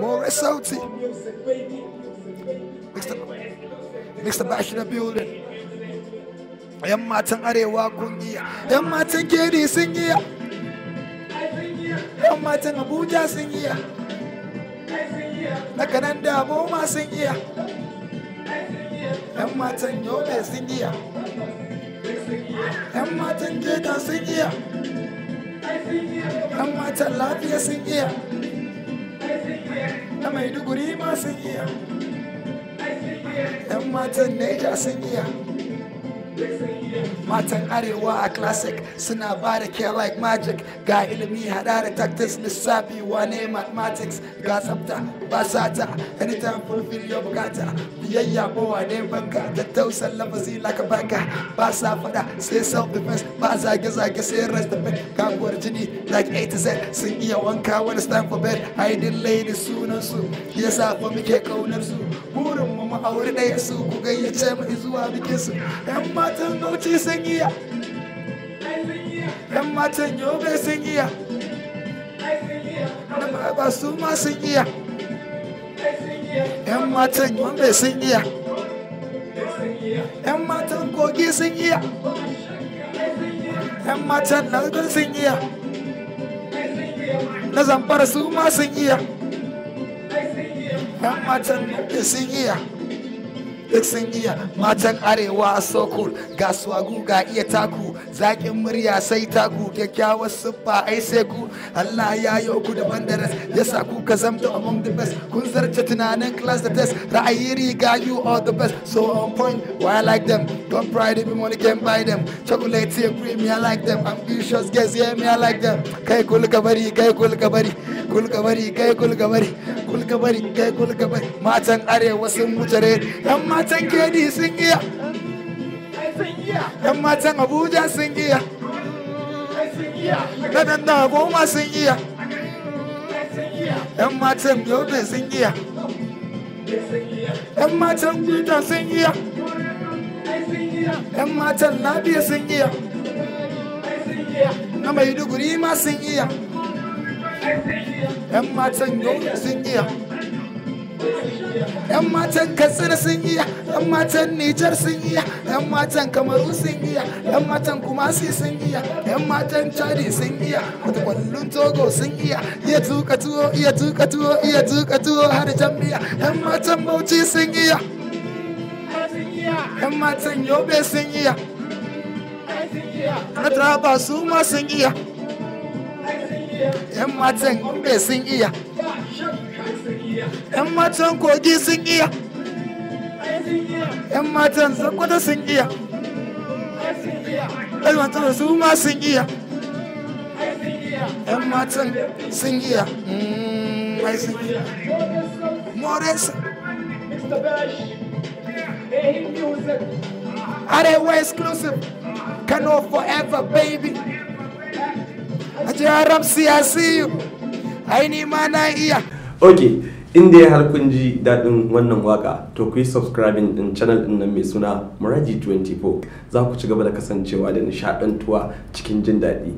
More Mr. Bash in the building. I am matan arewa kungiya, yan matan keri sun I am matan Abuja sun giya, na kanan damu ma sun giya, yan matan Yobe sun I yan matan Jeda sun I yan matan Lafiya sun giya. na maiduguri ma sun iya 'yan matan neja sun iya matan arewa a classic suna ba da care like magic ga ilimi hada da tactics lissafi wane mathematics ga tsabta ba sata anytime fulfill your bukata biyayya ko wane banka tattausan lafazi laka baka ba sa fada sai self defense ba zage zage sai rest the bed kaguwar jini like a to z sun iya wanka wani stand for bed hiding lady sunan su yasa fa muke kaunar su burin a wuri ɗaya su ku gayyace mai zuwa bikin su yan matan bauchi sun yi ya. yan matan yobe sun yi ya. na ba su ma sun ya. yan matan yobe sun yi ya. yan matan kogi sun yi ya. yan matan lagos sun yi ya. na zamfara su ma sun ya. yan matan sun yi ya. duk sun iya matan arewa sokol ga swagu ga iya taku zaƙin murya sai taku kyakkyawar siffa ai sai ku Allah ya yi ku da bandaras ya sa ku ka zamto among the best kun zarce tunanin class da test ra'ayi riga you all the best so on point why I like them don't pride if money can buy them chocolate tea cream I like them ambitious guys yeah me I like them kai kul kabari kai kul kabari kul kabari kai kul kabari kul kabari kai kul kabari matan arewa sun mutare yan matan kedi sun iya yan matan abuja sun iya na dan goma sun iya yan matan yobe sun iya yan matan guda sun iya yan matan lafiya sun iya na maiduguri ma sun iya yan matan yau sun iya 'yan matan katsina sun iya 'yan matan nijar sun iya 'yan matan kamaru sun iya 'yan matan kumasi sun iya 'yan matan chadi sun iya kwallon togo sun iya iya tuka tuwo iya tuka tuwo iya tuka tuwo har jambiya 'yan matan bauchi sun iya 'yan matan yobe sun iya na taraba su ma sun iya 'yan matan gombe sun iya 'yan matan kogi sun iya 'yan matan zakwata sun iya ɗan matan su ma sun iya 'yan matan sun iya mai sun iya Are we exclusive Can kano forever baby a see. ramsi ya siyu aini ma na iya ok inda ya har kun ji daɗin wannan waka to ku yi subscribing din channel din nan mai suna muraji 24 za ku ci gaba da kasancewa da nishaɗantuwa cikin jin daɗi